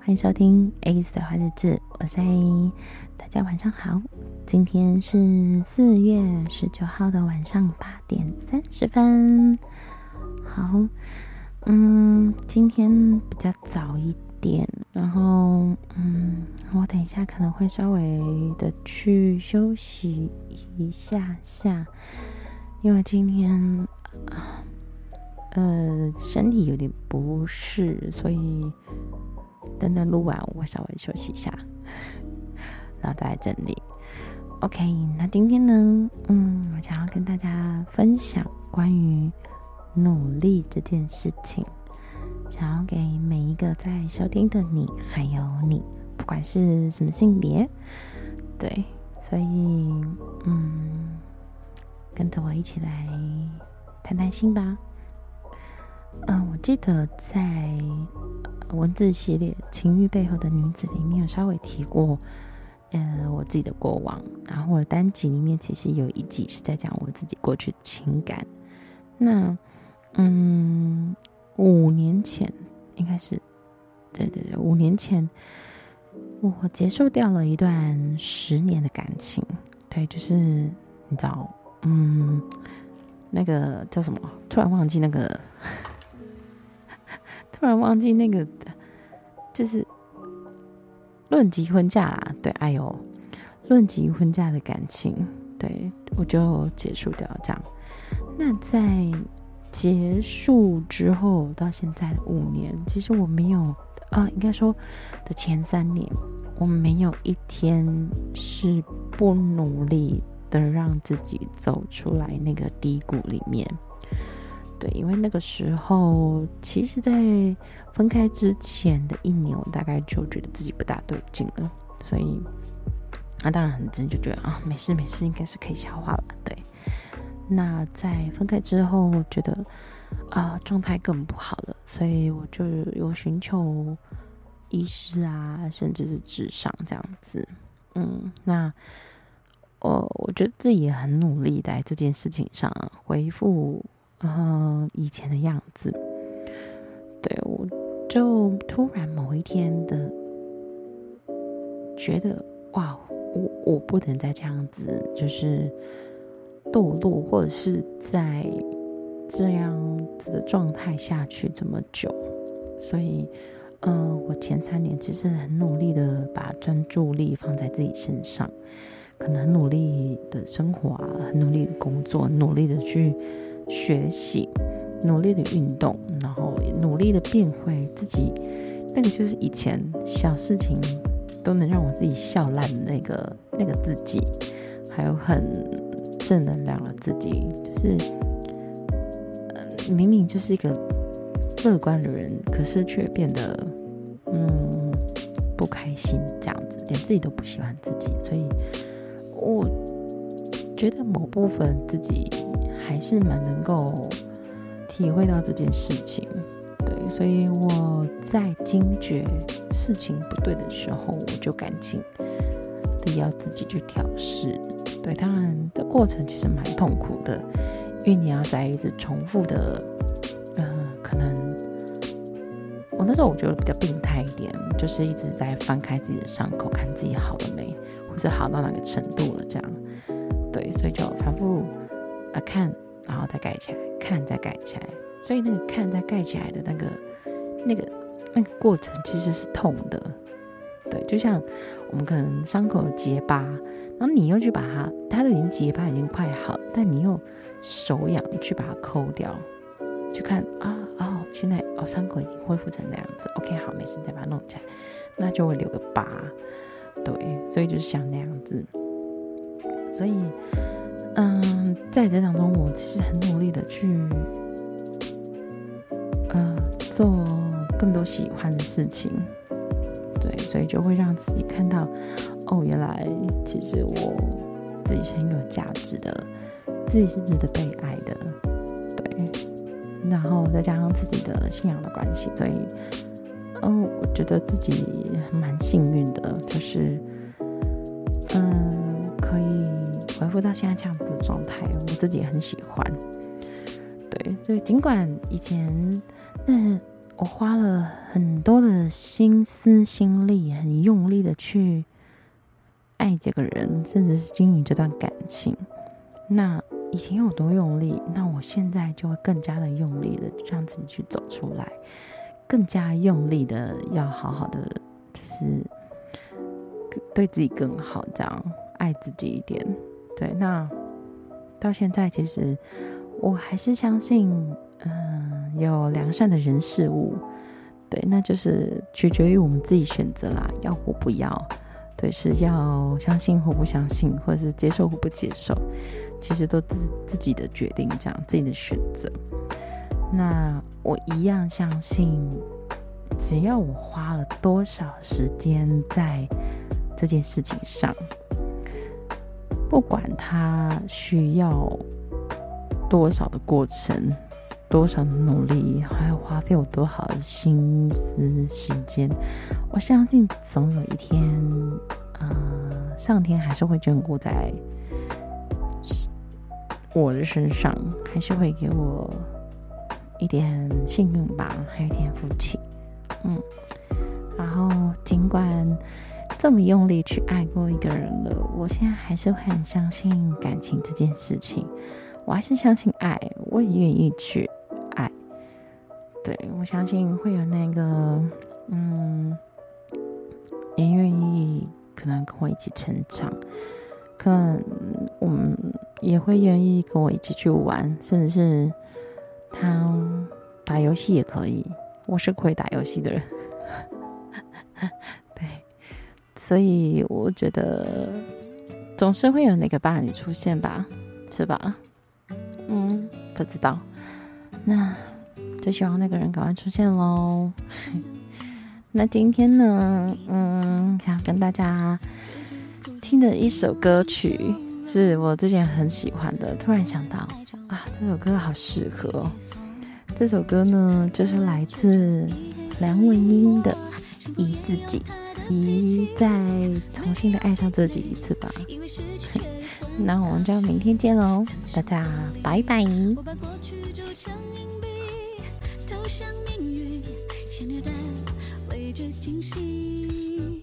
歡迎收聽《AAS 的對話日誌》，我是 AAS。大家晚上好，今天是四月十九號的晚上八點三十分。好，嗯，今天比較早一點。然後，嗯，我等一下可能會稍微的去休息一下下，因為今天啊，呃，身體有點不適，所以等等錄完我稍微休息一下，然後再來整理。OK，那今天呢，嗯，我想要跟大家分享關於努力這件事情。想要給每一個在收聽的你，還有你，不管是什麼性別，對，所以嗯，跟着我一起來談談心吧。嗯、呃，我記得在文字系列《情欲背後的女子》裡面有稍微提過，呃，我自己的過往。然後我的單集裡面其實有一集是在講我自己過去的情感。那嗯。五年前應該是，對對對，五年前我結束掉了一段十年的感情，對，就是你知道，嗯，那個叫什麼？突然忘記那個，呵呵突然忘記那個，就是論及婚嫁啦，對，哎呦，論及婚嫁的感情，對我就結束掉這樣，那在。結束之後到現在五年，其實我沒有啊，應該說的前三年，我沒有一天是不努力的讓自己走出來那個低谷裡面。對，因為那個時候，其實，在分開之前的一年，我大概就覺得自己不大對勁了，所以，啊，當然很真，就覺得啊，沒事沒事，應該是可以消化了。對。那在分開之後，我覺得啊，狀態更不好了，所以我就有尋求醫師啊，甚至是智商這樣子。嗯，那我我覺得自己也很努力在這件事情上恢復、呃、以前的樣子。對，我就突然某一天的覺得哇，我我不能再這樣子，就是。墮落，或者是在這樣子的狀態下去這麼久，所以，嗯、呃，我前三年其實很努力的把專注力放在自己身上，可能很努力的生活、啊，很努力的工作，努力的去學習，努力的運動，然後努力的變回自己。那個就是以前小事情都能讓我自己笑爛的那個，那個自己，還有很。正能量了，自己就是、嗯，明明就是一個樂觀的人，可是卻變得，嗯，不開心這樣子，連自己都不喜歡自己，所以我覺得某部分自己還是蠻能夠體會到這件事情，對，所以我在驚覺事情不對的時候，我就趕緊。要自己去調適，對，當然這過程其實蠻痛苦的，因為你要在一直重複的，嗯、呃，可能我那時候我覺得比較病態一點，就是一直在翻開自己的傷口，看自己好了沒，或者好到哪個程度了，這樣，對，所以就反復啊看，然後再蓋起來，看再蓋起來，所以那個看再蓋起來的那個那個那個過程其實是痛的。對，就像我們可能傷口結疤，然後你又去把它，它都已經結疤已經快好了，但你又手癢去把它摳掉，去看啊哦，現在哦傷口已經恢復成那樣子，OK 好，沒事再把它弄起來，那就會留個疤。對，所以就是像那樣子，所以嗯，在職場中，我其實很努力的去，呃，做更多喜歡的事情。對，所以就會讓自己看到，哦，原來其實我自己是很有價值的，自己是值得被愛的，對。然後再加上自己的信仰的關係，所以，哦，我覺得自己蠻幸運的，就是，嗯、呃，可以恢復到現在這樣子的狀態，我自己也很喜歡。對，所以儘管以前，嗯。我花了很多的心思、心力，很用力的去愛這個人，甚至是經營這段感情。那以前有多用力，那我現在就會更加的用力的讓自己去走出來，更加用力的要好好的，就是對自己更好，這樣愛自己一點。對，那到現在其實我還是相信，嗯、呃。有良善的人事物，對，那就是取決於我們自己選擇啦，要或不要，對，是要相信或不相信，或者是接受或不接受，其實都自自己的決定，這樣自己的選擇。那我一樣相信，只要我花了多少時間在這件事情上，不管它需要多少的過程。多少的努力，還要花費我多少的心思、時間？我相信總有一天，啊、呃，上天還是會眷顧在我的身上，還是會給我一點幸運吧，還有一點福氣。嗯，然後儘管這麼用力去愛過一個人了，我現在還是很相信感情這件事情。我還是相信愛，我也願意去。對，我相信會有那個，嗯，也願意可能跟我一起成長，可能我們也會願意跟我一起去玩，甚至是他打遊戲也可以。我是會打遊戲的人， 對，所以我覺得總是會有那個伴侶出現吧，是吧？嗯，不知道，那。最希望那個人趕快出現嘍。 那今天呢，嗯，想跟大家聽的一首歌曲，是我之前很喜歡的。突然想到啊，這首歌好適合。這首歌呢，就是來自梁文音的《宜自己》，一再重新的愛上自己一次吧。 那我們就要明天見嘍，大家拜拜。像命運，像扭蛋，未知驚喜。